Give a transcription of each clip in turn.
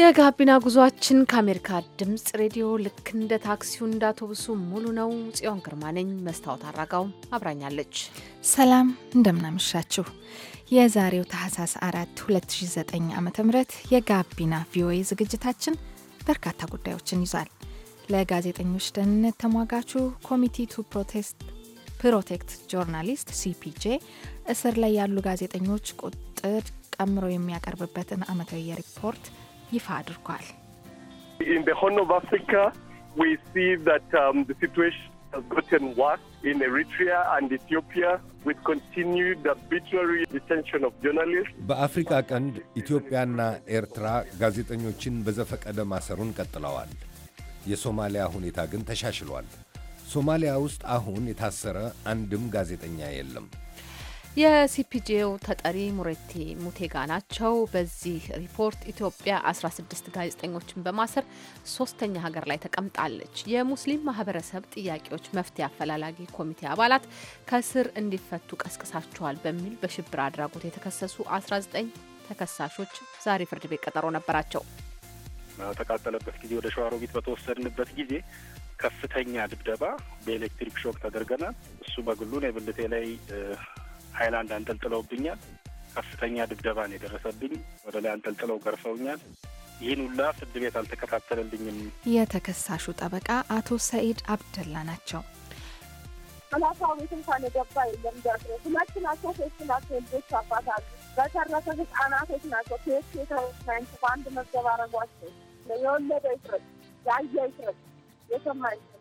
የጋቢና ጉዟችን ከአሜሪካ ድምፅ ሬዲዮ ልክ እንደ ታክሲው እንደ አውቶቡሱ ሙሉ ነው። ጽዮን ግርማ ነኝ። መስታወት አራጋው አብራኛለች። ሰላም እንደምናመሻችሁ። የዛሬው ታህሳስ አራት 2009 ዓ ም የጋቢና ቪኦኤ ዝግጅታችን በርካታ ጉዳዮችን ይዟል። ለጋዜጠኞች ደህንነት ተሟጋቹ ኮሚቲ ቱ ፕሮቴስት ፕሮቴክት ጆርናሊስት ሲፒጄ እስር ላይ ያሉ ጋዜጠኞች ቁጥር ቀምሮ የሚያቀርብበትን ዓመታዊ የሪፖርት ይፋ አድርጓል። um, በአፍሪካ ቀንድ ኢትዮጵያና ኤርትራ ጋዜጠኞችን በዘፈቀደ ማሰሩን ቀጥለዋል። የሶማሊያ ሁኔታ ግን ተሻሽሏል። ሶማሊያ ውስጥ አሁን የታሰረ አንድም ጋዜጠኛ የለም። የሲፒጄው ተጠሪ ሙሬቲ ሙቴጋ ናቸው። በዚህ ሪፖርት ኢትዮጵያ 16 ጋዜጠኞችን በማሰር ሶስተኛ ሀገር ላይ ተቀምጣለች። የሙስሊም ማህበረሰብ ጥያቄዎች መፍትሄ አፈላላጊ ኮሚቴ አባላት ከስር እንዲፈቱ ቀስቅሳቸዋል በሚል በሽብር አድራጎት የተከሰሱ 19 ተከሳሾች ዛሬ ፍርድ ቤት ቀጠሮ ነበራቸው። ተቃጠለበት ጊዜ ወደ ሸዋሮቢት በተወሰድንበት ጊዜ ከፍተኛ ድብደባ በኤሌክትሪክ ሾክ ተደርገናል። እሱ በግሉ ነው የብልቴ ላይ ሀይላንድ አንጠልጥለውብኛል። ከፍተኛ ድብደባን የደረሰብኝ ወደ ላይ አንጠልጥለው ገርፈውኛል። ይህን ሁላ ፍርድ ቤት አልተከታተለልኝም። የተከሳሹ ጠበቃ አቶ ሰኢድ አብደላ ናቸው። አላፋው ቤት እንኳን የገባ የለም ደፍሮ ሁለት ናቸው ሶስት ናቸው ልጆች አባት አሉ። በተረፈ ህጻናቶች ናቸው ሴት የተወሳይንት በአንድ መዘባረጓቸው የወለደ ይፍረድ፣ ያየ ይፍረድ፣ የሰማ ይፍረድ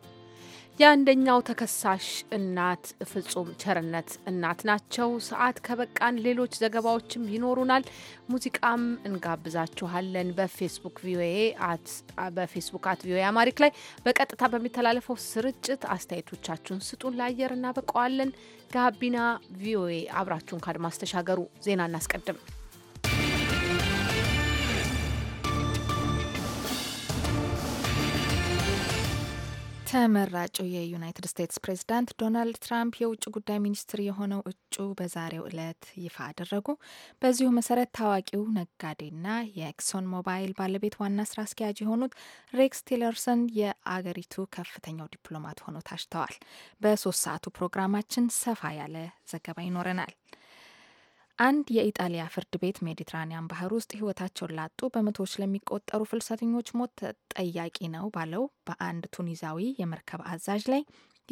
የአንደኛው ተከሳሽ እናት ፍጹም ቸርነት እናት ናቸው። ሰዓት ከበቃን ሌሎች ዘገባዎችም ይኖሩናል። ሙዚቃም እንጋብዛችኋለን። በፌስቡክ ቪኦኤ በፌስቡክ አት ቪኦኤ አማሪክ ላይ በቀጥታ በሚተላለፈው ስርጭት አስተያየቶቻችሁን ስጡን፣ ለአየር እናበቀዋለን። ጋቢና ቪኦኤ አብራችሁን ከአድማስ ተሻገሩ። ዜና እናስቀድም። ተመራጩ የዩናይትድ ስቴትስ ፕሬዝዳንት ዶናልድ ትራምፕ የውጭ ጉዳይ ሚኒስትር የሆነው እጩ በዛሬው ዕለት ይፋ አደረጉ። በዚሁ መሰረት ታዋቂው ነጋዴና የኤክሶን ሞባይል ባለቤት ዋና ስራ አስኪያጅ የሆኑት ሬክስ ቲለርሰን የአገሪቱ ከፍተኛው ዲፕሎማት ሆነው ታጭተዋል። በሶስት ሰዓቱ ፕሮግራማችን ሰፋ ያለ ዘገባ ይኖረናል። አንድ የኢጣሊያ ፍርድ ቤት ሜዲትራኒያን ባህር ውስጥ ህይወታቸውን ላጡ በመቶዎች ለሚቆጠሩ ፍልሰተኞች ሞት ተጠያቂ ነው ባለው በአንድ ቱኒዛዊ የመርከብ አዛዥ ላይ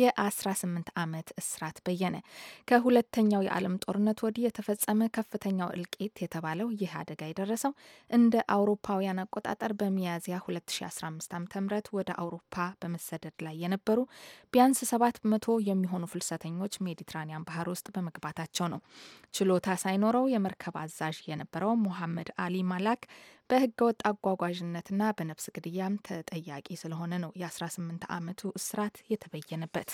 የ18 ዓመት እስራት በየነ። ከሁለተኛው የዓለም ጦርነት ወዲህ የተፈጸመ ከፍተኛው እልቂት የተባለው ይህ አደጋ የደረሰው እንደ አውሮፓውያን አቆጣጠር በሚያዝያ 2015 ዓ.ም ወደ አውሮፓ በመሰደድ ላይ የነበሩ ቢያንስ 700 የሚሆኑ ፍልሰተኞች ሜዲትራኒያን ባህር ውስጥ በመግባታቸው ነው። ችሎታ ሳይኖረው የመርከብ አዛዥ የነበረው ሞሐመድ አሊ ማላክ በህገወጥ አጓጓዥነትና በነፍስ ግድያም ተጠያቂ ስለሆነ ነው የ18 ዓመቱ እስራት የተበየነበት።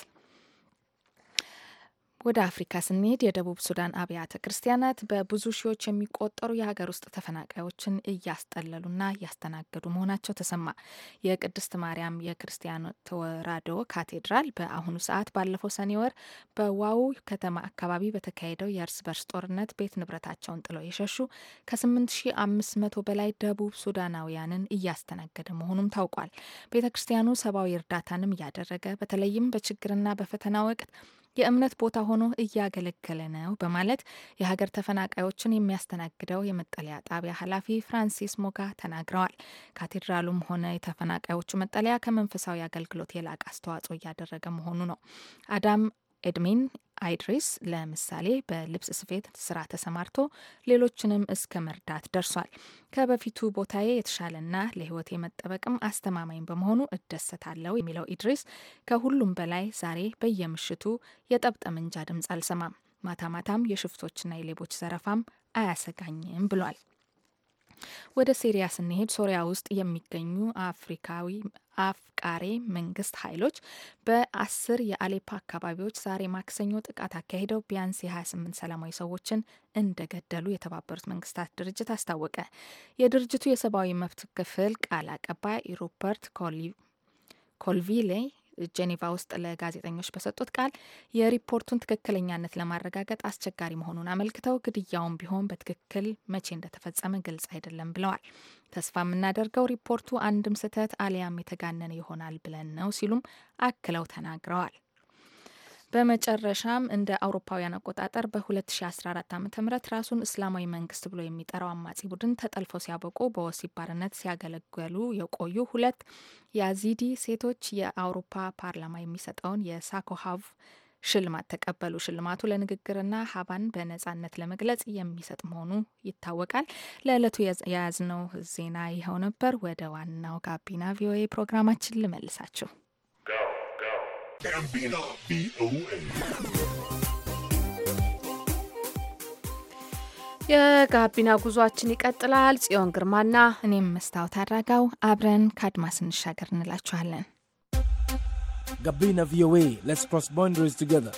ወደ አፍሪካ ስንሄድ የደቡብ ሱዳን አብያተ ክርስቲያናት በብዙ ሺዎች የሚቆጠሩ የሀገር ውስጥ ተፈናቃዮችን እያስጠለሉና እያስተናገዱ መሆናቸው ተሰማ። የቅድስት ማርያም የክርስቲያን ተወራዶ ካቴድራል በአሁኑ ሰዓት ባለፈው ሰኔ ወር በዋው ከተማ አካባቢ በተካሄደው የእርስ በርስ ጦርነት ቤት ንብረታቸውን ጥለው የሸሹ ከ8500 በላይ ደቡብ ሱዳናውያንን እያስተናገደ መሆኑም ታውቋል። ቤተ ክርስቲያኑ ሰብአዊ እርዳታንም እያደረገ በተለይም በችግርና በፈተና ወቅት የእምነት ቦታ ሆኖ እያገለገለ ነው በማለት የሀገር ተፈናቃዮችን የሚያስተናግደው የመጠለያ ጣቢያ ኃላፊ ፍራንሲስ ሞጋ ተናግረዋል። ካቴድራሉም ሆነ የተፈናቃዮቹ መጠለያ ከመንፈሳዊ አገልግሎት የላቀ አስተዋጽኦ እያደረገ መሆኑ ነው። አዳም ኤድሚን አይድሪስ ለምሳሌ በልብስ ስፌት ስራ ተሰማርቶ ሌሎችንም እስከ መርዳት ደርሷል። ከበፊቱ ቦታዬ የተሻለና ለህይወት መጠበቅም አስተማማኝ በመሆኑ እደሰታለሁ የሚለው ኢድሪስ ከሁሉም በላይ ዛሬ በየምሽቱ የጠብጠምንጃ ድምፅ አልሰማም፣ ማታ ማታም የሽፍቶችና የሌቦች ዘረፋም አያሰጋኝም ብሏል። ወደ ሲሪያ ስንሄድ ሶሪያ ውስጥ የሚገኙ አፍሪካዊ አፍቃሬ መንግስት ኃይሎች በአስር የአሌፓ አካባቢዎች ዛሬ ማክሰኞ ጥቃት አካሂደው ቢያንስ የ28 ሰላማዊ ሰዎችን እንደገደሉ የተባበሩት መንግስታት ድርጅት አስታወቀ። የድርጅቱ የሰብአዊ መብት ክፍል ቃል አቀባይ ሩፐርት ኮልቪሌ ጄኔቫ ውስጥ ለጋዜጠኞች በሰጡት ቃል የሪፖርቱን ትክክለኛነት ለማረጋገጥ አስቸጋሪ መሆኑን አመልክተው ግድያውም ቢሆን በትክክል መቼ እንደተፈጸመ ግልጽ አይደለም ብለዋል። ተስፋ የምናደርገው ሪፖርቱ አንድም ስህተት አሊያም የተጋነነ ይሆናል ብለን ነው ሲሉም አክለው ተናግረዋል። በመጨረሻም እንደ አውሮፓውያን አቆጣጠር በ2014 ዓ ም ራሱን እስላማዊ መንግስት ብሎ የሚጠራው አማጺ ቡድን ተጠልፎ ሲያበቁ በወሲብ ባርነት ሲያገለግሉ የቆዩ ሁለት የአዚዲ ሴቶች የአውሮፓ ፓርላማ የሚሰጠውን የሳኮሃቭ ሽልማት ተቀበሉ። ሽልማቱ ለንግግርና ሀባን በነጻነት ለመግለጽ የሚሰጥ መሆኑ ይታወቃል። ለዕለቱ የያዝነው ዜና ይኸው ነበር። ወደ ዋናው ጋቢና ቪኦኤ ፕሮግራማችን ልመልሳችሁ። የጋቢና ጉዟችን ይቀጥላል። ጽዮን ግርማና እኔም መስታወት አድራጋው አብረን ከአድማስ እንሻገር እንላችኋለን። ጋቢና ቪኦኤ ሌትስ ክሮስ ቦንደሪስ ቱጌዘር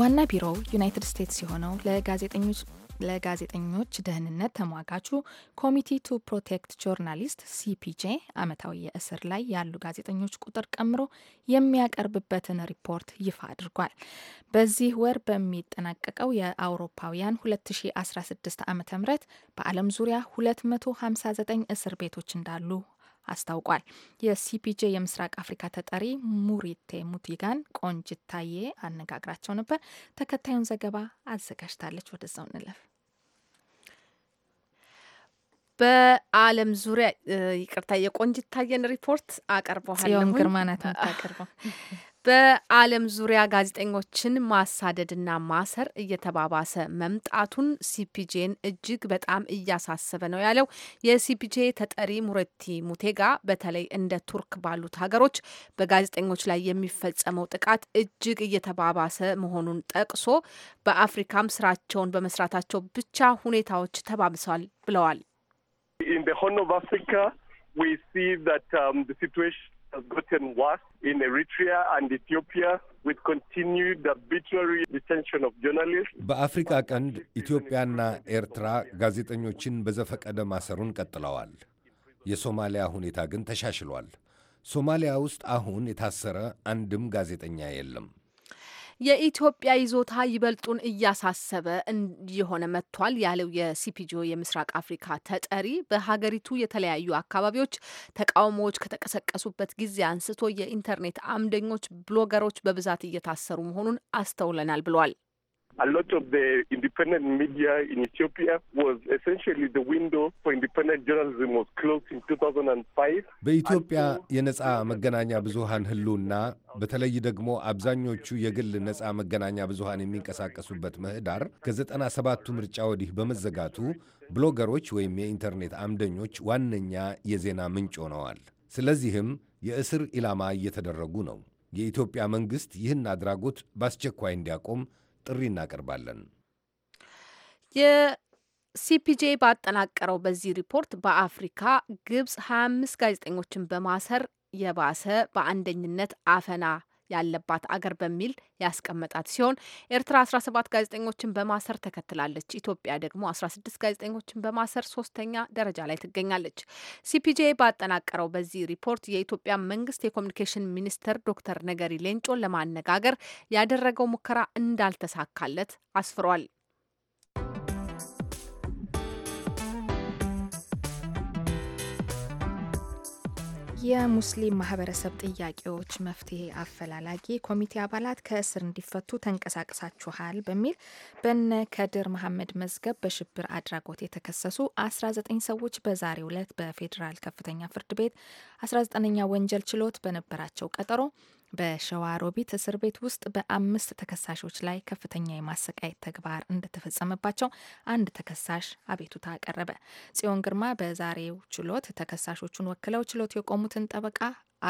ዋና ቢሮው ዩናይትድ ስቴትስ የሆነው ለጋዜጠኞች ለጋዜጠኞች ደህንነት ተሟጋቹ ኮሚቲ ቱ ፕሮቴክት ጆርናሊስት ሲፒጄ ዓመታዊ የእስር ላይ ያሉ ጋዜጠኞች ቁጥር ቀምሮ የሚያቀርብበትን ሪፖርት ይፋ አድርጓል። በዚህ ወር በሚጠናቀቀው የአውሮፓውያን 2016 ዓ ም በዓለም ዙሪያ 259 እስር ቤቶች እንዳሉ አስታውቋል። የሲፒጄ የምስራቅ አፍሪካ ተጠሪ ሙሪቴ ሙቲጋን ቆንጅታዬ አነጋግራቸው ነበር። ተከታዩን ዘገባ አዘጋጅታለች። ወደዛው እንለፍ። በዓለም ዙሪያ ይቅርታ፣ የቆንጅታየን ሪፖርት አቀርበዋል። ግርማ ናት የምታቀርበው። በዓለም ዙሪያ ጋዜጠኞችን ማሳደድና ማሰር እየተባባሰ መምጣቱን ሲፒጄን እጅግ በጣም እያሳሰበ ነው ያለው የሲፒጄ ተጠሪ ሙረቲ ሙቴጋ፣ በተለይ እንደ ቱርክ ባሉት ሀገሮች በጋዜጠኞች ላይ የሚፈጸመው ጥቃት እጅግ እየተባባሰ መሆኑን ጠቅሶ በአፍሪካም ስራቸውን በመስራታቸው ብቻ ሁኔታዎች ተባብሰዋል ብለዋል። has gotten worse in Eritrea and Ethiopia. በአፍሪካ ቀንድ ኢትዮጵያና ኤርትራ ጋዜጠኞችን በዘፈቀደ ማሰሩን ቀጥለዋል። የሶማሊያ ሁኔታ ግን ተሻሽሏል። ሶማሊያ ውስጥ አሁን የታሰረ አንድም ጋዜጠኛ የለም። የኢትዮጵያ ይዞታ ይበልጡን እያሳሰበ እየሆነ መጥቷል ያለው የሲፒጆ የምስራቅ አፍሪካ ተጠሪ በሀገሪቱ የተለያዩ አካባቢዎች ተቃውሞዎች ከተቀሰቀሱበት ጊዜ አንስቶ የኢንተርኔት አምደኞች፣ ብሎገሮች በብዛት እየታሰሩ መሆኑን አስተውለናል ብሏል። a lot of the independent media in Ethiopia was essentially the window for independent journalism was closed in 2005 በኢትዮጵያ የነጻ መገናኛ ብዙሃን ህልውና በተለይ ደግሞ አብዛኞቹ የግል ነጻ መገናኛ ብዙሃን የሚንቀሳቀሱበት ምህዳር ከዘጠና ሰባቱ ምርጫ ወዲህ በመዘጋቱ ብሎገሮች ወይም የኢንተርኔት አምደኞች ዋነኛ የዜና ምንጭ ሆነዋል። ስለዚህም የእስር ኢላማ እየተደረጉ ነው። የኢትዮጵያ መንግሥት ይህን አድራጎት በአስቸኳይ እንዲያቆም ጥሪ እናቀርባለን። ሲፒጄ ባጠናቀረው በዚህ ሪፖርት በአፍሪካ ግብጽ 25 ጋዜጠኞችን በማሰር የባሰ በአንደኝነት አፈና ያለባት አገር በሚል ያስቀመጣት ሲሆን ኤርትራ 17 ጋዜጠኞችን በማሰር ተከትላለች። ኢትዮጵያ ደግሞ 16 ጋዜጠኞችን በማሰር ሶስተኛ ደረጃ ላይ ትገኛለች። ሲፒጄ ባጠናቀረው በዚህ ሪፖርት የኢትዮጵያ መንግስት የኮሚኒኬሽን ሚኒስትር ዶክተር ነገሪ ሌንጮን ለማነጋገር ያደረገው ሙከራ እንዳልተሳካለት አስፍሯል። የሙስሊም ማህበረሰብ ጥያቄዎች መፍትሄ አፈላላጊ ኮሚቴ አባላት ከእስር እንዲፈቱ ተንቀሳቅሳችኋል በሚል በነ ከድር መሐመድ መዝገብ በሽብር አድራጎት የተከሰሱ 19 ሰዎች በዛሬው ዕለት በፌዴራል ከፍተኛ ፍርድ ቤት 19ኛ ወንጀል ችሎት በነበራቸው ቀጠሮ በሸዋሮቢት እስር ቤት ውስጥ በአምስት ተከሳሾች ላይ ከፍተኛ የማሰቃየት ተግባር እንደተፈጸመባቸው አንድ ተከሳሽ አቤቱታ አቀረበ። ጽዮን ግርማ በዛሬው ችሎት ተከሳሾቹን ወክለው ችሎት የቆሙትን ጠበቃ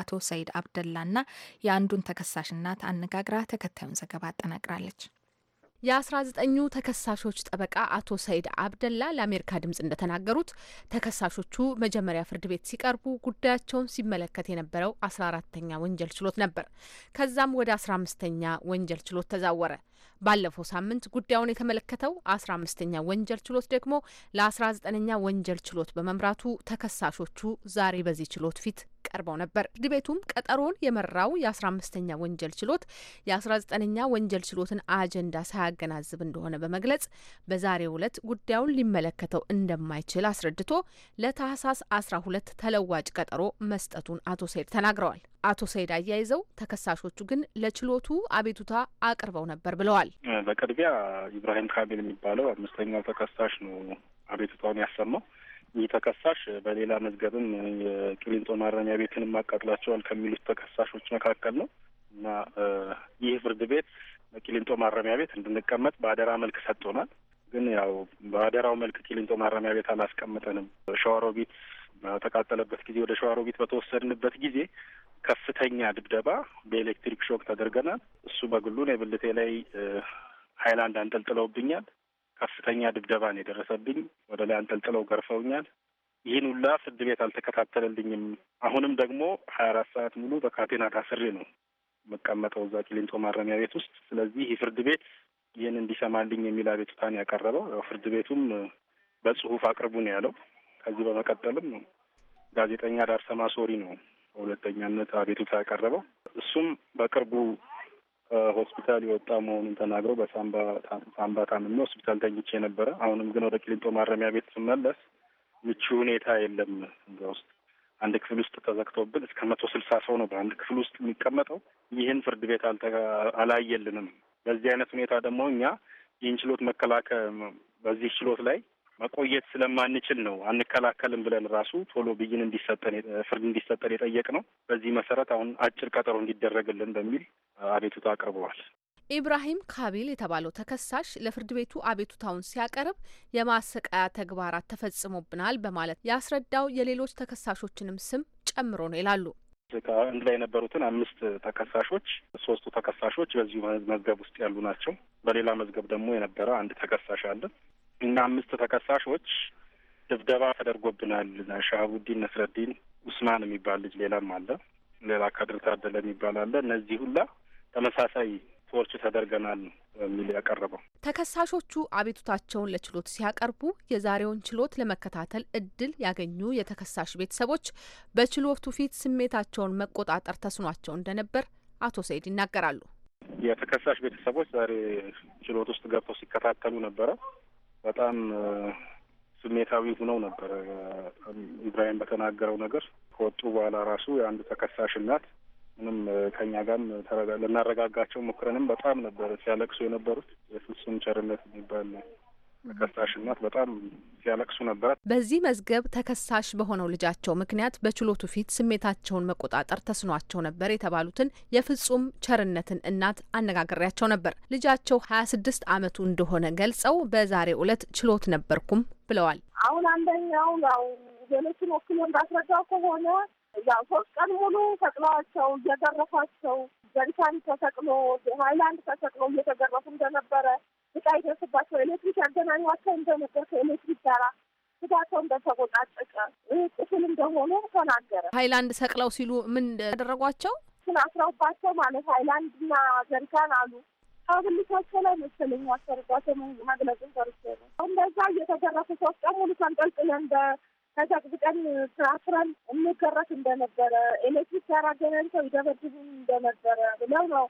አቶ ሰይድ አብደላና የአንዱን ተከሳሽ እናት አነጋግራ ተከታዩን ዘገባ አጠናቅራለች። የ19ኙ ተከሳሾች ጠበቃ አቶ ሰይድ አብደላ ለአሜሪካ ድምጽ እንደተናገሩት ተከሳሾቹ መጀመሪያ ፍርድ ቤት ሲቀርቡ ጉዳያቸውን ሲመለከት የነበረው 14ተኛ ወንጀል ችሎት ነበር። ከዛም ወደ 15ተኛ ወንጀል ችሎት ተዛወረ። ባለፈው ሳምንት ጉዳዩን የተመለከተው 15ተኛ ወንጀል ችሎት ደግሞ ለ19ኛ ወንጀል ችሎት በመምራቱ ተከሳሾቹ ዛሬ በዚህ ችሎት ፊት ቀርበው ነበር። ፍርድ ቤቱም ቀጠሮን የመራው የአስራ አምስተኛ ወንጀል ችሎት የአስራ ዘጠነኛ ወንጀል ችሎትን አጀንዳ ሳያገናዝብ እንደሆነ በመግለጽ በዛሬው ዕለት ጉዳዩን ሊመለከተው እንደማይችል አስረድቶ ለታህሳስ አስራ ሁለት ተለዋጭ ቀጠሮ መስጠቱን አቶ ሰይድ ተናግረዋል። አቶ ሰይድ አያይዘው ተከሳሾቹ ግን ለችሎቱ አቤቱታ አቅርበው ነበር ብለዋል። በቅድሚያ ኢብራሂም ካሚል የሚባለው አምስተኛው ተከሳሽ ነው አቤቱታውን ያሰማው ተከሳሽ በሌላ መዝገብም የቅሊንጦ ማረሚያ ቤትን ማቃጥላቸዋል ከሚሉት ተከሳሾች መካከል ነው እና ይህ ፍርድ ቤት በቂሊንጦ ማረሚያ ቤት እንድንቀመጥ በአደራ መልክ ሰጥቶናል። ግን ያው በአደራው መልክ ቅሊንጦ ማረሚያ ቤት አላስቀምጠንም። ሸዋሮቢት በተቃጠለበት ጊዜ ወደ ሸዋሮቢት በተወሰድንበት ጊዜ ከፍተኛ ድብደባ በኤሌክትሪክ ሾክ ተደርገናል። እሱ በግሉን የብልቴ ላይ ሀይላንድ አንጠልጥለውብኛል። ከፍተኛ ድብደባ ነው የደረሰብኝ። ወደ ላይ አንጠልጥለው ገርፈውኛል። ይህን ሁላ ፍርድ ቤት አልተከታተለልኝም። አሁንም ደግሞ ሀያ አራት ሰዓት ሙሉ በካቴና ታስሬ ነው መቀመጠው እዛ ቂሊንጦ ማረሚያ ቤት ውስጥ። ስለዚህ ይህ ፍርድ ቤት ይህን እንዲሰማልኝ የሚል አቤቱታን ያቀረበው ፍርድ ቤቱም በጽሁፍ አቅርቡ ነው ያለው። ከዚህ በመቀጠልም ጋዜጠኛ ዳርሰማ ሶሪ ነው በሁለተኛነት አቤቱታ ያቀረበው። እሱም በቅርቡ ከሆስፒታል የወጣ መሆኑን ተናግረው በሳምባ ታምሜ ሆስፒታል ተኝቼ የነበረ አሁንም ግን ወደ ቂሊንጦ ማረሚያ ቤት ስመለስ ምቹ ሁኔታ የለም። እዛ ውስጥ አንድ ክፍል ውስጥ ተዘግቶብን እስከ መቶ ስልሳ ሰው ነው በአንድ ክፍል ውስጥ የሚቀመጠው። ይህን ፍርድ ቤት አላየልንም። በዚህ አይነት ሁኔታ ደግሞ እኛ ይህን ችሎት መከላከል በዚህ ችሎት ላይ መቆየት ስለማንችል ነው አንከላከልም ብለን ራሱ ቶሎ ብይን እንዲሰጠን ፍርድ እንዲሰጠን የጠየቅ ነው። በዚህ መሰረት አሁን አጭር ቀጠሮ እንዲደረግልን በሚል አቤቱታ አቅርበዋል። ኢብራሂም ካቢል የተባለው ተከሳሽ ለፍርድ ቤቱ አቤቱታውን ሲያቀርብ የማሰቃያ ተግባራት ተፈጽሞብናል በማለት ያስረዳው የሌሎች ተከሳሾችንም ስም ጨምሮ ነው ይላሉ። ከአንድ ላይ የነበሩትን አምስት ተከሳሾች ሶስቱ ተከሳሾች በዚሁ መዝገብ ውስጥ ያሉ ናቸው። በሌላ መዝገብ ደግሞ የነበረ አንድ ተከሳሽ አለ። እና አምስት ተከሳሾች ድብደባ ተደርጎብናል። ሻሃቡዲን ነስረዲን፣ ኡስማን የሚባል ልጅ ሌላም አለ፣ ሌላ ከድር ታደለ የሚባል አለ። እነዚህ ሁላ ተመሳሳይ ሰዎች ተደርገናል የሚል ያቀረበው ተከሳሾቹ አቤቱታቸውን ለችሎት ሲያቀርቡ የዛሬውን ችሎት ለመከታተል እድል ያገኙ የተከሳሽ ቤተሰቦች በችሎቱ ፊት ስሜታቸውን መቆጣጠር ተስኗቸው እንደነበር አቶ ሰይድ ይናገራሉ። የተከሳሽ ቤተሰቦች ዛሬ ችሎት ውስጥ ገብተው ሲከታተሉ ነበረ። በጣም ስሜታዊ ሁነው ነበር። ኢብራሂም በተናገረው ነገር ከወጡ በኋላ ራሱ የአንድ ተከሳሽ እናት ምንም ከኛ ጋርም ልናረጋጋቸው ሞክረንም በጣም ነበር ሲያለቅሱ የነበሩት። የፍጹም ቸርነት የሚባል ተከሳሽነት በጣም ሲያለቅሱ ነበረ። በዚህ መዝገብ ተከሳሽ በሆነው ልጃቸው ምክንያት በችሎቱ ፊት ስሜታቸውን መቆጣጠር ተስኗቸው ነበር የተባሉትን የፍጹም ቸርነትን እናት አነጋግሬያቸው ነበር። ልጃቸው ሀያ ስድስት አመቱ እንደሆነ ገልጸው በዛሬ ዕለት ችሎት ነበርኩም ብለዋል። አሁን አንደኛው ያው ሌሎችን ወክሎ እንዳስረዳው ከሆነ ያው ሶስት ቀን ሙሉ ሰቅለዋቸው እየገረፏቸው ጀሪካን ተሰቅሎ ሀይላንድ ተሰቅሎ እየተገረፉ እንደነበረ ስቃይ ደርስባቸው ኤሌክትሪክ ያገናኟቸውን እንደነበር ከኤሌክትሪክ ጋራ ስጋቸውን በተቆጣጠቀ ጥፍል እንደሆኑ ተናገረ። ሀይላንድ ሰቅለው ሲሉ ምን ያደረጓቸው ስላስረውባቸው ማለት ሀይላንድ ሀይላንድና ጀሪካን አሉ ከብልታቸው ላይ መሰለኝ አሰርጓቸው መግለጽን ፈርቼ ነው። እንደዛ እየተገረፉ ሶስት ቀን ሙሉ ተንጠልጥለን በተዘቅዝቀን ፍራፍረን እንገረፍ እንደነበረ ኤሌክትሪክ ያራገናል ሰው ይደበድቡን እንደነበረ ብለው ነው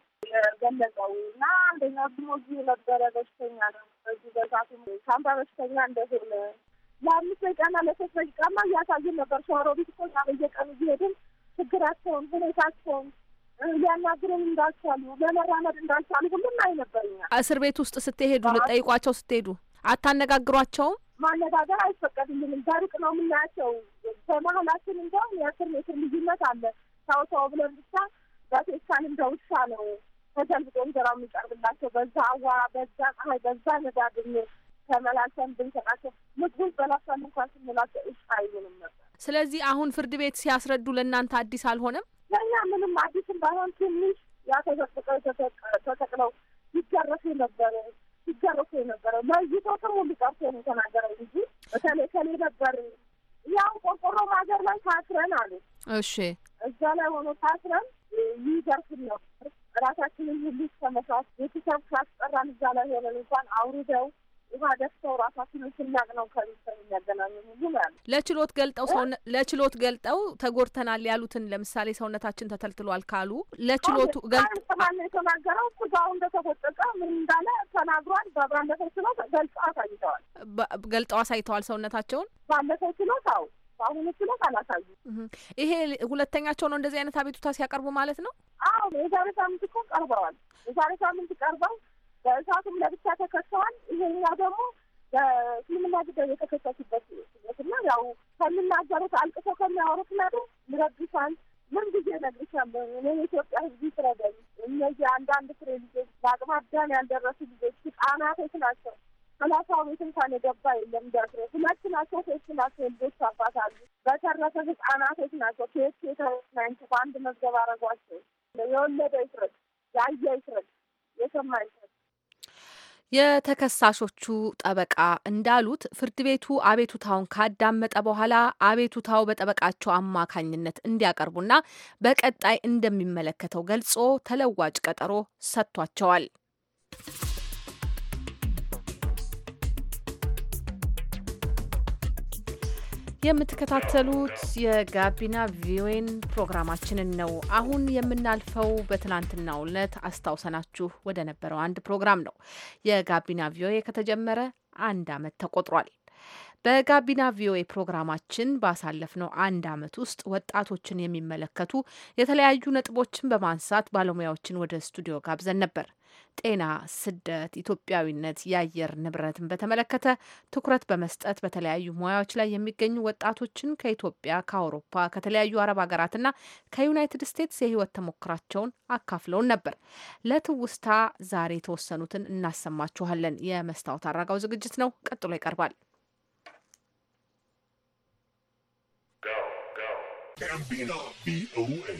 ገለጸው እና አንደኛው ድሞ እዚሁ ነበረ በሽተኛ ነው። በዚህ ሳምባ በሽተኛ እንደሆነ ለአምስት ደቂቃና ለሶስት ደቂቃማ እያሳየን ነበር። ሸዋሮቢት እኮ በየቀኑ እየሄድን ችግራቸውን፣ ሁኔታቸውን ሊያናግሩን እንዳልቻሉ፣ ለመራመድ እንዳልቻሉ ሁሉም አይ እስር ቤት ውስጥ ስትሄዱ ልጠይቋቸው ስትሄዱ አታነጋግሯቸውም? ማነጋገር አይፈቀድልንም። በሩቅ ነው የምናያቸው። በመሀላችን እንደውም የአስር ሜትር ልዩነት አለ። ሰው ሰው ብለን ብቻ በፌስታል እንደ ውሻ ነው ተሰልፎ እንጀራ የሚቀርብላቸው በዛ አዋራ፣ በዛ ፀሐይ፣ በዛ ነዳግም ተመላልሰን ብንሰጣቸው ምግቡን በላሳን እንኳን ስንላቸው እሺ አይሉንም ነበር። ስለዚህ አሁን ፍርድ ቤት ሲያስረዱ ለእናንተ አዲስ አልሆነም። ለእኛ ምንም አዲስም ባይሆን ትንሽ ያ ተሰቅቀው ተሰቅለው ሲገረፉ ነበረ ሲገረፉ ነበረ ለይቶትም ሁሉ ቀርቶ ነው የተናገረው እንጂ በተለይ ከሌ ነበር ያው ቆርቆሮ ማገር ላይ ታስረን አሉ። እሺ እዛ ላይ ሆኖ ታስረን ይገርፍን ነበር ራሳችንን ሁሉ እስከመስራት ቤተሰብ ካስጠራን እዛ ላይ ሆነን እንኳን አውርደው ውሃ ደፍተው ራሳችንን ስናቅ ነው ከቤተሰብ የሚያገናኙ ሁሉ ያሉ ለችሎት ገልጠው ሰው ለችሎት ገልጠው ተጎድተናል ያሉትን ለምሳሌ ሰውነታችን ተተልትሏል ካሉ ለችሎቱ ገልጠማን የተናገረው ስጋው እንደተቆጠቀ ምን እንዳለ ተናግሯል። በአብራን ለተችለው ገልጠው አሳይተዋል። ገልጠው አሳይተዋል ሰውነታቸውን ባለፈው ችሎት አው በአሁኑ ችሎት አላሳዩ። ይሄ ሁለተኛቸው ነው እንደዚህ አይነት አቤቱታ ሲያቀርቡ ማለት ነው። አዎ የዛሬ ሳምንት እኮ ቀርበዋል። የዛሬ ሳምንት ቀርበው በእሳቱም ለብቻ ተከሰዋል። ይሄኛ ደግሞ በእስልምና ጉዳይ የተከሰሱበት ስትና ያው ከሚናገሩት አልቅሶ ከሚያወሩት ነገር ይረግሳል። ምን ጊዜ እነግርሻለሁ እኔ የኢትዮጵያ ሕዝብ ይፍረደኝ። እነዚህ አንዳንድ ፍሬ ልጆች በአቅመ አዳም ያልደረሱ ልጆች ሕፃናቶች ናቸው። ሰላሳ ቤት እንኳን የገባ የለም ደፍሮ ሁለት ናቸው ሶስት ናቸው ልጆች አባት አሉ። በተረፈ ሕፃናቶች ናቸው። ኬት ኬተሮች ናይንቱ በአንድ መዝገብ አረጓቸው የወለደ ይስረቅ፣ ያየ ይስረቅ፣ የሰማ ይስረቅ። የተከሳሾቹ ጠበቃ እንዳሉት ፍርድ ቤቱ አቤቱታውን ካዳመጠ በኋላ አቤቱታው በጠበቃቸው አማካኝነት እንዲያቀርቡና በቀጣይ እንደሚመለከተው ገልጾ ተለዋጭ ቀጠሮ ሰጥቷቸዋል። የምትከታተሉት የጋቢና ቪዌን ፕሮግራማችንን ነው። አሁን የምናልፈው በትናንትናው ዕለት አስታውሰናችሁ ወደ ነበረው አንድ ፕሮግራም ነው። የጋቢና ቪዌ ከተጀመረ አንድ ዓመት ተቆጥሯል። በጋቢና ቪኦኤ ፕሮግራማችን ባሳለፍነው አንድ ዓመት ውስጥ ወጣቶችን የሚመለከቱ የተለያዩ ነጥቦችን በማንሳት ባለሙያዎችን ወደ ስቱዲዮ ጋብዘን ነበር። ጤና፣ ስደት፣ ኢትዮጵያዊነት፣ የአየር ንብረትን በተመለከተ ትኩረት በመስጠት በተለያዩ ሙያዎች ላይ የሚገኙ ወጣቶችን ከኢትዮጵያ፣ ከአውሮፓ፣ ከተለያዩ አረብ ሀገራትና ከዩናይትድ ስቴትስ የህይወት ተሞክራቸውን አካፍለውን ነበር። ለትውስታ ዛሬ የተወሰኑትን እናሰማችኋለን። የመስታወት አራጋው ዝግጅት ነው፣ ቀጥሎ ይቀርባል። ጋቢና ቪኦኤ።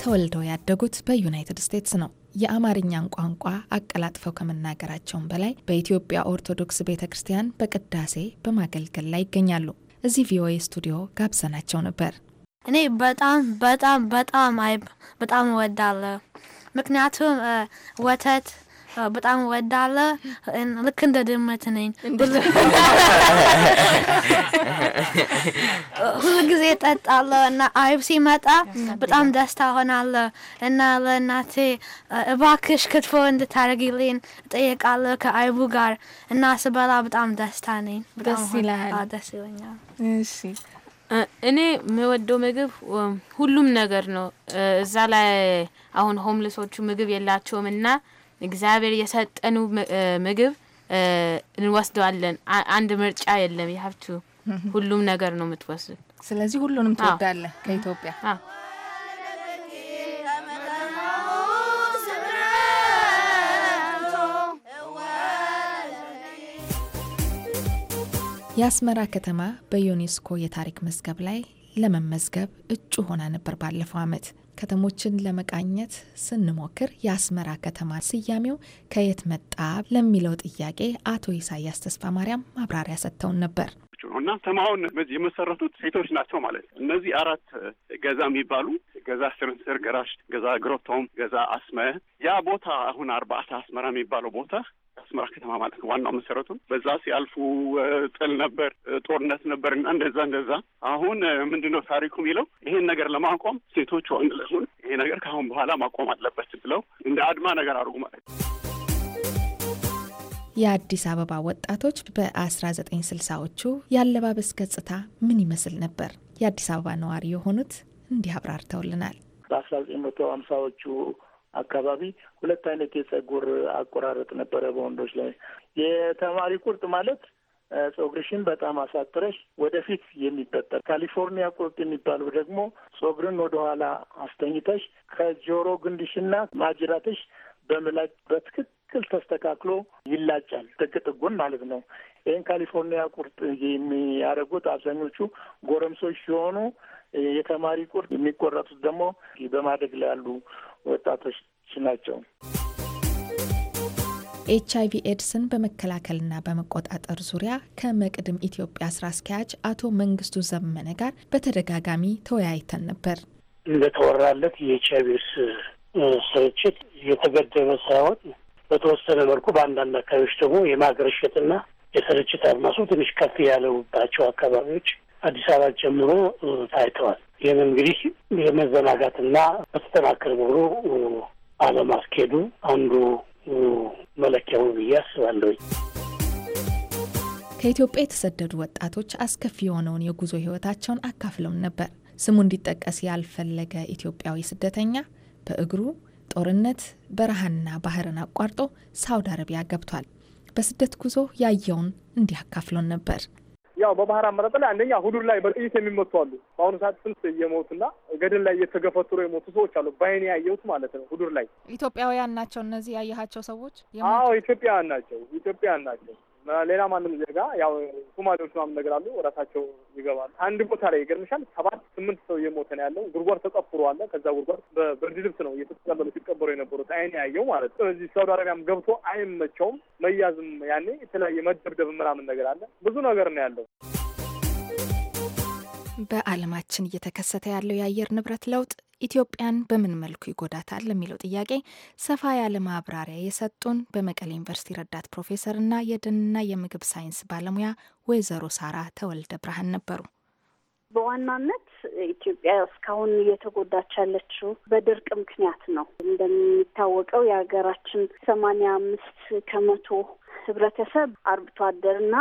ተወልደው ያደጉት በዩናይትድ ስቴትስ ነው። የአማርኛን ቋንቋ አቀላጥፈው ከመናገራቸውም በላይ በኢትዮጵያ ኦርቶዶክስ ቤተ ክርስቲያን በቅዳሴ በማገልገል ላይ ይገኛሉ። እዚህ ቪኦኤ ስቱዲዮ ጋብዘናቸው ነበር። እኔ በጣም በጣም በጣም አይ በጣም እወዳለሁ ምክንያቱም ወተት በጣም ወዳለ ልክ እንደ ድመት ነኝ። ሁሉ ጊዜ ጠጣለ እና አይብ ሲመጣ በጣም ደስታ ሆናለ እና ለእናቴ እባክሽ ክትፎ እንድታደርግልኝ ጠየቃለ ከአይቡ ጋር እና ስበላ በጣም ደስታ ነኝ። ደስ ይላል። ደስ ይለኛል። እሺ እኔ የምወደው ምግብ ሁሉም ነገር ነው። እዛ ላይ አሁን ሆምልሶቹ ምግብ የላቸውም እና እግዚአብሔር የሰጠኑ ምግብ እንወስደዋለን። አንድ ምርጫ የለም። የሀብቱ ሁሉም ነገር ነው የምትወስድ። ስለዚህ ሁሉንም ትወዳለ ከኢትዮጵያ የአስመራ ከተማ በዩኔስኮ የታሪክ መዝገብ ላይ ለመመዝገብ እጩ ሆና ነበር ባለፈው ዓመት። ከተሞችን ለመቃኘት ስንሞክር የአስመራ ከተማ ስያሜው ከየት መጣ ለሚለው ጥያቄ አቶ ኢሳያስ ተስፋ ማርያም ማብራሪያ ሰጥተውን ነበር። እና ከተማውን የመሰረቱት ሴቶች ናቸው ማለት ነው። እነዚህ አራት ገዛ የሚባሉ ገዛ ስርንስር፣ ገራሽ፣ ገዛ ግሮቶም፣ ገዛ አስመ ያ ቦታ አሁን አርባአተ አስመራ የሚባለው ቦታ አስመራ ከተማ ማለት ነው ዋናው መሰረቱ። በዛ ሲያልፉ ጥል ነበር፣ ጦርነት ነበር እና እንደዛ እንደዛ። አሁን ምንድን ነው ታሪኩ የሚለው ይሄን ነገር ለማቆም ሴቶች ወንድ ለሁን ይሄ ነገር ከአሁን በኋላ ማቆም አለበት ብለው እንደ አድማ ነገር አድርጉ ማለት ነው። የአዲስ አበባ ወጣቶች በ1960ዎቹ የአለባበስ ገጽታ ምን ይመስል ነበር? የአዲስ አበባ ነዋሪ የሆኑት እንዲህ አብራርተውልናል። በአስራ ዘጠኝ መቶ ሀምሳዎቹ አካባቢ ሁለት አይነት የጸጉር አቆራረጥ ነበረ በወንዶች ላይ። የተማሪ ቁርጥ ማለት ጸጉርሽን በጣም አሳጥረሽ ወደፊት የሚበጠር፣ ካሊፎርኒያ ቁርጥ የሚባለው ደግሞ ጸጉርን ወደኋላ አስተኝተሽ ከጆሮ ግንድሽና ማጅራትሽ በምላጭ በትክት በትክክል ተስተካክሎ ይላጫል። ጥግ ጥጉን ማለት ነው። ይህን ካሊፎርኒያ ቁርጥ የሚያደርጉት አብዛኞቹ ጎረምሶች ሲሆኑ የተማሪ ቁርጥ የሚቆረጡት ደግሞ በማደግ ላይ ያሉ ወጣቶች ናቸው። ኤች አይቪ ኤድስን በመከላከልና በመቆጣጠር ዙሪያ ከመቅድም ኢትዮጵያ ስራ አስኪያጅ አቶ መንግስቱ ዘመነ ጋር በተደጋጋሚ ተወያይተን ነበር። እንደተወራለት የኤች አይቪ ኤድስ ስርጭት የተገደበ ሳይሆን በተወሰነ መልኩ በአንዳንድ አካባቢዎች ደግሞ የማገረሸትና የስርጭት አድማሱ ትንሽ ከፍ ያለባቸው አካባቢዎች አዲስ አበባ ጀምሮ ታይተዋል። ይህም እንግዲህ የመዘናጋትና በተጠናከር መሆኑ አለማስኬዱ አንዱ መለኪያው ብዬ አስባለሁኝ። ከኢትዮጵያ የተሰደዱ ወጣቶች አስከፊ የሆነውን የጉዞ ህይወታቸውን አካፍለውን ነበር። ስሙ እንዲጠቀስ ያልፈለገ ኢትዮጵያዊ ስደተኛ በእግሩ ጦርነት በረሃንና ባህርን አቋርጦ ሳውዲ አረቢያ ገብቷል። በስደት ጉዞ ያየውን እንዲህ አካፍሎን ነበር። ያው በባህር አመራጥ ላይ አንደኛ ሁዱር ላይ በጥይት የሚመቱ አሉ። በአሁኑ ሰዓት ስንት እየሞቱና ገደል ላይ እየተገፈትሮ የሞቱ ሰዎች አሉ። በአይኔ ያየሁት ማለት ነው። ሁዱር ላይ ኢትዮጵያውያን ናቸው እነዚህ ያየሃቸው ሰዎች? አዎ ኢትዮጵያውያን ናቸው። ኢትዮጵያውያን ናቸው። ሌላ ማንም ዜጋ ያው ሶማሌዎች ምናምን ነገር አሉ ራሳቸው ይገባሉ። አንድ ቦታ ላይ ይገርምሻል፣ ሰባት ስምንት ሰው እየሞተ ነው ያለው። ጉድጓድ ተቀፍሮ አለ። ከዛ ጉድጓድ በብርድ ልብስ ነው እየተቀበሉ ሲቀበሩ የነበሩት አይን ያየው ማለት ነው። ስለዚህ ሳውዲ አረቢያም ገብቶ አይመቸውም፣ መያዝም ያኔ የተለያየ መደብደብ ምናምን ነገር አለ። ብዙ ነገር ነው ያለው። በዓለማችን እየተከሰተ ያለው የአየር ንብረት ለውጥ ኢትዮጵያን በምን መልኩ ይጎዳታል ለሚለው ጥያቄ ሰፋ ያለ ማብራሪያ የሰጡን በመቀሌ ዩኒቨርሲቲ ረዳት ፕሮፌሰር እና የደንና የምግብ ሳይንስ ባለሙያ ወይዘሮ ሳራ ተወልደ ብርሃን ነበሩ። በዋናነት ኢትዮጵያ እስካሁን እየተጎዳች ያለችው በድርቅ ምክንያት ነው። እንደሚታወቀው የሀገራችን ሰማንያ አምስት ከመቶ ህብረተሰብ አርብቶ አደርና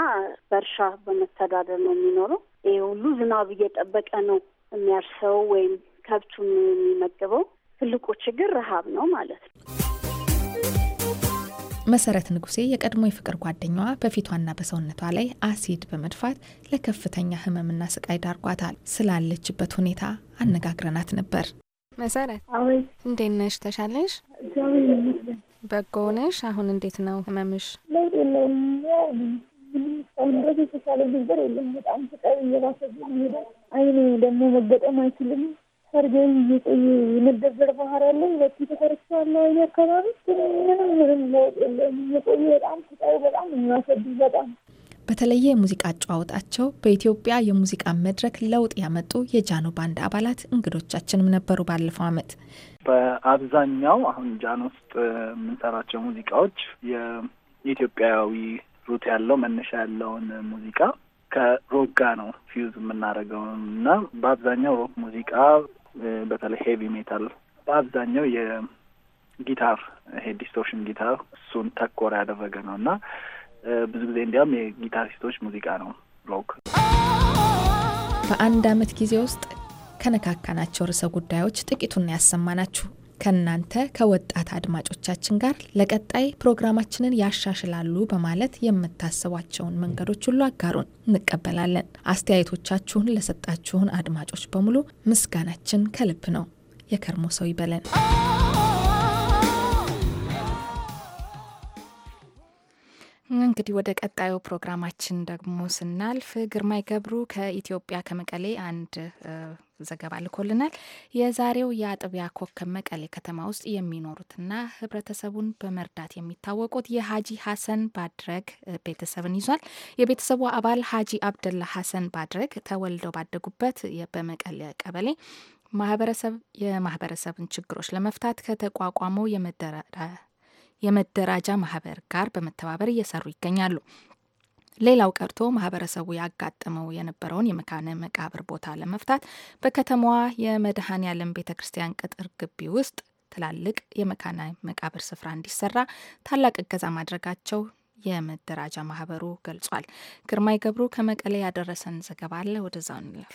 በእርሻ በመተዳደር ነው የሚኖረው። ይህ ሁሉ ዝናብ እየጠበቀ ነው የሚያርሰው ወይም ከብቱ የሚመገበው ትልቁ ችግር ረሃብ ነው ማለት ነው። መሰረት ንጉሴ የቀድሞ የፍቅር ጓደኛዋ በፊቷና በሰውነቷ ላይ አሲድ በመድፋት ለከፍተኛ ህመምና ስቃይ ዳርጓታል። ስላለችበት ሁኔታ አነጋግረናት ነበር። መሰረት እንዴት ነሽ? ተሻለሽ? በጎ ነሽ? አሁን እንዴት ነው ህመምሽ? ለውጥ የተሻለ ነገር የለም። በጣም ስቃይ እየባሰ ሄደ። አይኔ ደግሞ መገጠም አይችልም። አድርገን የመደበር ባህር ያለ ሁለቱ ተኮርቻዋለ ወይ አካባቢ ምንም ምንም ለውጥ የለም። እየቆዩ በጣም ስቃዩ በጣም የሚያሰዱ በጣም በተለየ የሙዚቃ አጨዋወጣቸው በኢትዮጵያ የሙዚቃ መድረክ ለውጥ ያመጡ የጃኖ ባንድ አባላት እንግዶቻችንም ነበሩ። ባለፈው አመት በአብዛኛው አሁን ጃኖ ውስጥ የምንሰራቸው ሙዚቃዎች የኢትዮጵያዊ ሩት ያለው መነሻ ያለውን ሙዚቃ ከሮክ ጋር ነው ፊውዝ የምናደርገው እና በአብዛኛው ሮክ ሙዚቃ በተለይ ሄቪ ሜታል በአብዛኛው የጊታር ሄድ ዲስቶርሽን ጊታር እሱን ተኮር ያደረገ ነው እና ብዙ ጊዜ እንዲያውም የጊታሪስቶች ሙዚቃ ነው ሮክ። በአንድ አመት ጊዜ ውስጥ ከነካካናቸው ርዕሰ ጉዳዮች ጥቂቱን ያሰማናችሁ። ከእናንተ ከወጣት አድማጮቻችን ጋር ለቀጣይ ፕሮግራማችንን ያሻሽላሉ በማለት የምታስቧቸውን መንገዶች ሁሉ አጋሩን፣ እንቀበላለን። አስተያየቶቻችሁን ለሰጣችሁን አድማጮች በሙሉ ምስጋናችን ከልብ ነው። የከርሞ ሰው ይበለን። እንግዲህ ወደ ቀጣዩ ፕሮግራማችን ደግሞ ስናልፍ ግርማይ ገብሩ ከኢትዮጵያ ከመቀሌ አንድ ዘገባ ልኮልናል። የዛሬው የአጥቢያ ኮከብ መቀሌ ከተማ ውስጥ የሚኖሩትና ህብረተሰቡን በመርዳት የሚታወቁት የሀጂ ሀሰን ባድረግ ቤተሰብን ይዟል። የቤተሰቡ አባል ሀጂ አብደላ ሀሰን ባድረግ ተወልደው ባደጉበት በመቀሌ ቀበሌ ማህበረሰብ የማህበረሰብን ችግሮች ለመፍታት ከተቋቋመው የመደራጃ ማህበር ጋር በመተባበር እየሰሩ ይገኛሉ። ሌላው ቀርቶ ማህበረሰቡ ያጋጠመው የነበረውን የመካነ መቃብር ቦታ ለመፍታት በከተማዋ የመድኃኔ ዓለም ቤተ ክርስቲያን ቅጥር ግቢ ውስጥ ትላልቅ የመካነ መቃብር ስፍራ እንዲሰራ ታላቅ እገዛ ማድረጋቸው የመደራጃ ማህበሩ ገልጿል። ግርማይ ገብሩ ከመቀሌ ያደረሰን ዘገባ አለ። ወደዛው እንለፍ።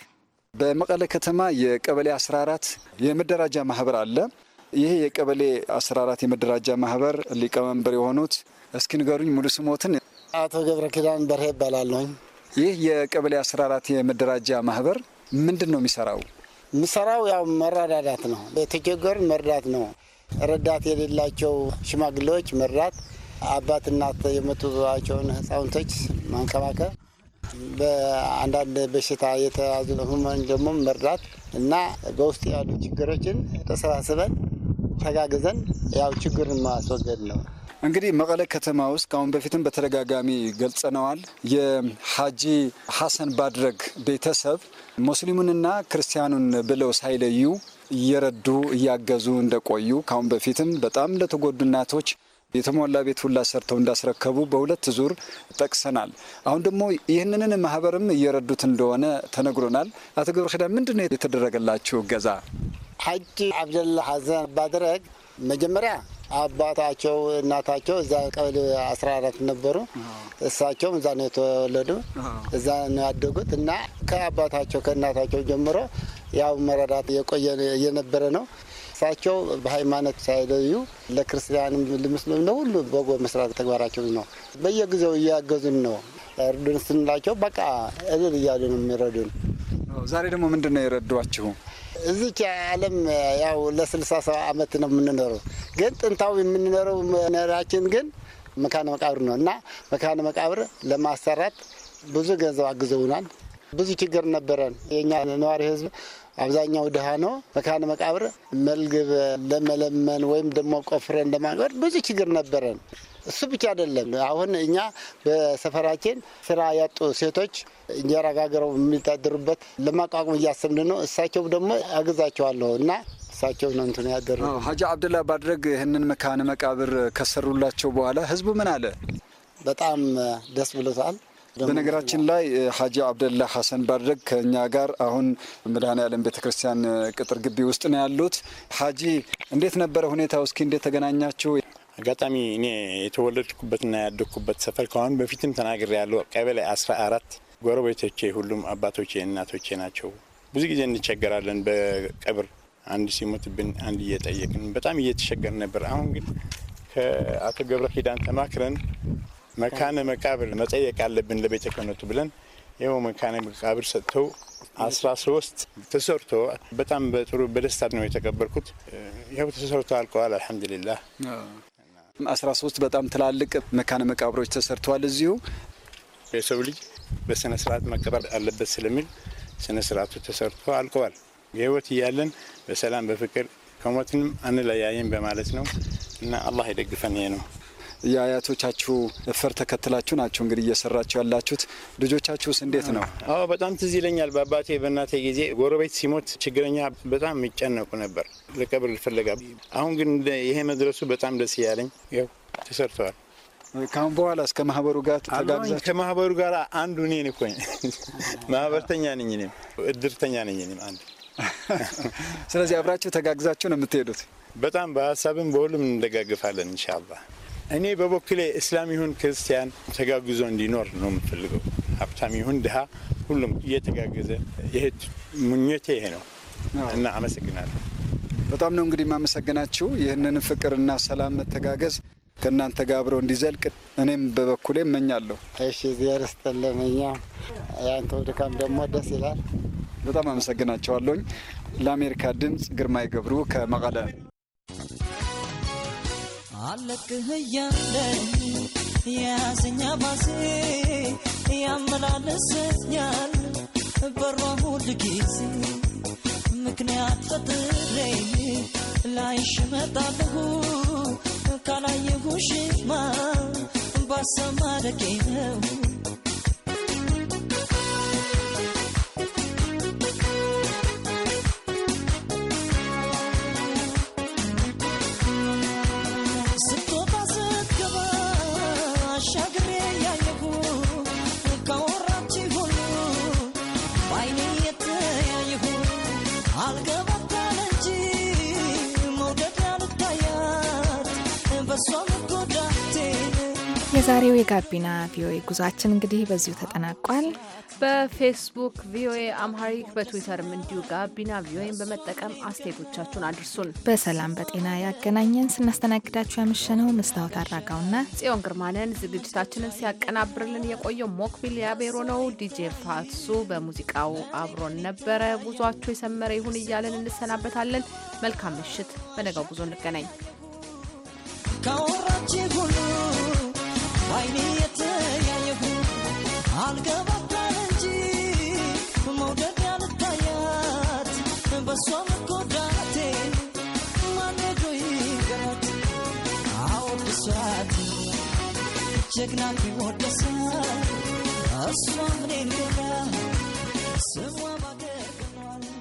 በመቀለ ከተማ የቀበሌ 14 የመደራጃ ማህበር አለ። ይህ የቀበሌ አስራራት የመደራጃ ማህበር ሊቀመንበር የሆኑት እስኪ ንገሩኝ ሙሉ ስሞትን። አቶ ገብረ ኪዳን በርሄ ይባላለሁኝ። ይህ የቀበሌ 14 የመደራጃ ማህበር ምንድን ነው የሚሰራው? የሚሰራው ያው መረዳዳት ነው። የተቸገሩን መርዳት ነው። ረዳት የሌላቸው ሽማግሌዎች መርዳት፣ አባት እናት የሞቱባቸውን ህፃውንቶች ማንከባከብ፣ በአንዳንድ በሽታ የተያዙ ህሙማን ደግሞ መርዳት እና በውስጥ ያሉ ችግሮችን ተሰባስበን ተጋግዘን ያው ችግር ማስወገድ ነው። እንግዲህ መቀለ ከተማ ውስጥ ከአሁን በፊትም በተደጋጋሚ ገልጸነዋል። የሀጂ ሀሰን ባድረግ ቤተሰብ ሙስሊሙንና ክርስቲያኑን ብለው ሳይለዩ እየረዱ እያገዙ እንደቆዩ ከአሁን በፊትም በጣም ለተጎዱ እናቶች የተሟላ ቤት ሁላ ሰርተው እንዳስረከቡ በሁለት ዙር ጠቅሰናል። አሁን ደግሞ ይህንን ማህበርም እየረዱት እንደሆነ ተነግሮናል። አቶ ገብረ ኪዳን ምንድን ነው የተደረገላችሁ እገዛ? ሐጂ አብደላ ሀዘን ባድረግ መጀመሪያ አባታቸው እናታቸው እዛ ቀበሌ አስራ አራት ነበሩ። እሳቸውም እዛ ነው የተወለዱ፣ እዛ ነው ያደጉት እና ከአባታቸው ከእናታቸው ጀምሮ ያው መረዳት የቆየ የነበረ ነው እሳቸው በሃይማኖት ሳይለዩ ለክርስቲያንም ለሙስሊም ለሁሉ በጎ መስራት ተግባራቸው ነው። በየጊዜው እያገዙን ነው። እርዱን ስንላቸው በቃ እልል እያሉ ነው የሚረዱን። ዛሬ ደግሞ ምንድን ነው የረዷችሁ? እዚች ዓለም ያው ለስልሳ ሰባ ዓመት ነው የምንኖረው። ግን ጥንታዊ የምንኖረው መኖራችን ግን መካነ መቃብር ነው እና መካነ መቃብር ለማሰራት ብዙ ገንዘብ አግዘውናል። ብዙ ችግር ነበረን የእኛ ነዋሪ ህዝብ አብዛኛው ድሃ ነው። መካነ መቃብር መልግብ ለመለመን ወይም ደሞ ቆፍረን ለማቅበር ብዙ ችግር ነበረን። እሱ ብቻ አይደለም። አሁን እኛ በሰፈራችን ስራ ያጡ ሴቶች እንጀራ ጋግረው የሚታደሩበት ለማቋቋም እያሰብን ነው። እሳቸው ደግሞ አግዛቸዋለሁ እና እሳቸው ነው እንትን ያደረ ሀጂ አብደላ ባድረግ ይህንን መካነ መቃብር ከሰሩላቸው በኋላ ህዝቡ ምን አለ? በጣም ደስ ብሎታል። በነገራችን ላይ ሀጂ አብደላ ሀሰን ባድረግ ከእኛ ጋር አሁን መድኃኔ ዓለም ቤተ ክርስቲያን ቅጥር ግቢ ውስጥ ነው ያሉት። ሀጂ እንዴት ነበረ ሁኔታው? እስኪ እንዴት ተገናኛችሁ? አጋጣሚ እኔ የተወለድኩበትና ያደግኩበት ሰፈር ከአሁን በፊትም ተናግሬ ያለው ቀበሌ አስራ አራት ጎረቤቶቼ ሁሉም አባቶቼ እናቶቼ ናቸው። ብዙ ጊዜ እንቸገራለን በቀብር አንድ ሲሞትብን አንድ እየጠየቅን በጣም እየተቸገር ነበር። አሁን ግን ከአቶ ገብረ ኪዳን ተማክረን መካነ መቃብር መጠየቅ አለብን ለቤተ ክህነቱ ብለን ይኸው መካነ መቃብር ሰጥተው አስራ ሶስት ተሰርቶ በጣም በጥሩ በደስታ ነው የተቀበርኩት ይኸው ተሰርቶ አልቀዋል። አልሐምዱሊላህ አስራ ሶስት በጣም ትላልቅ መካነ መቃብሮች ተሰርተዋል። እዚሁ የሰው ልጅ በስነ ስርዓት መቀበር አለበት ስለሚል ስነ ስርዓቱ ተሰርቶ አልቀዋል። የህይወት እያለን በሰላም በፍቅር ከሞትንም አንለያየን በማለት ነው እና አላህ ይደግፈን ይሄ ነው። የአያቶቻችሁ እፈር ተከትላችሁ ናችሁ እንግዲህ እየሰራችሁ ያላችሁት። ልጆቻችሁስ እንዴት ነው? አዎ በጣም ትዝ ይለኛል። በአባቴ በእናቴ ጊዜ ጎረቤት ሲሞት ችግረኛ በጣም የሚጨነቁ ነበር ለቀብር ፍለጋ። አሁን ግን ይሄ መድረሱ በጣም ደስ እያለኝ ያው ተሰርተዋል። ካሁን በኋላ እስከ ማህበሩ ጋር ተጋግዛ ከማህበሩ ጋር አንዱ እኔ ነኝ። ማህበርተኛ ነኝ፣ እኔም እድርተኛ ነኝ። እኔም አንዱ። ስለዚህ አብራችሁ ተጋግዛችሁ ነው የምትሄዱት። በጣም በሀሳብም በሁሉም እንደጋግፋለን እንሻላ። እኔ በበኩሌ እስላም ይሁን ክርስቲያን ተጋግዞ እንዲኖር ነው የምፈልገው። ሀብታም ይሁን ድሃ ሁሉም እየተጋገዘ ይሄ ምኞቴ ይሄ ነው እና አመሰግናለሁ። በጣም ነው እንግዲህ የማመሰግናችሁ። ይህንን ፍቅርና ሰላም መተጋገዝ ከእናንተ ጋር እንዲዘልቅ እኔም በበኩሌ እመኛለሁ። እሺ፣ እግዚአብሔር ይስጥልን። እኛም የአንተው ድካም ደግሞ ደስ ይላል። በጣም አመሰግናቸዋለሁኝ። ለአሜሪካ ድምፅ ግርማይ ገብሩ ከመቀለ አለቅህ እያለኝ የያዘኛ ባሴ ያመላለሰኛል በሯ ሁል ጊዜ ምክንያት ፈጥሬ ላይሽ መጣለሁ ካላየሁሽማ ባሰማረቄ ነው የዛሬው የጋቢና ቪኦኤ ጉዟችን እንግዲህ በዚሁ ተጠናቋል። በፌስቡክ ቪኦኤ አምሃሪክ በትዊተርም እንዲሁ ጋቢና ቪኦኤን በመጠቀም አስተያየቶቻችሁን አድርሱን። በሰላም በጤና ያገናኘን። ስናስተናግዳችሁ ያመሸነው መስታወት አራጋውና ጽዮን ግርማንን፣ ዝግጅታችንን ሲያቀናብርልን የቆየው ሞክቢል ያቤሮ ነው። ዲጄ ፓሱ በሙዚቃው አብሮን ነበረ። ጉዟችሁ የሰመረ ይሁን እያለን እንሰናበታለን። መልካም ምሽት። በነገው ጉዞ እንገናኝ። ከወራች ሁሉ ባይኔ የተያየሁ አልገባታ እንጂ መውደድ ያልታያት በሷ መጎዳቴ ማነዶ ይገራት አወድሷት ጀግና ቢወደሳ እሷ ምኔ ስሟ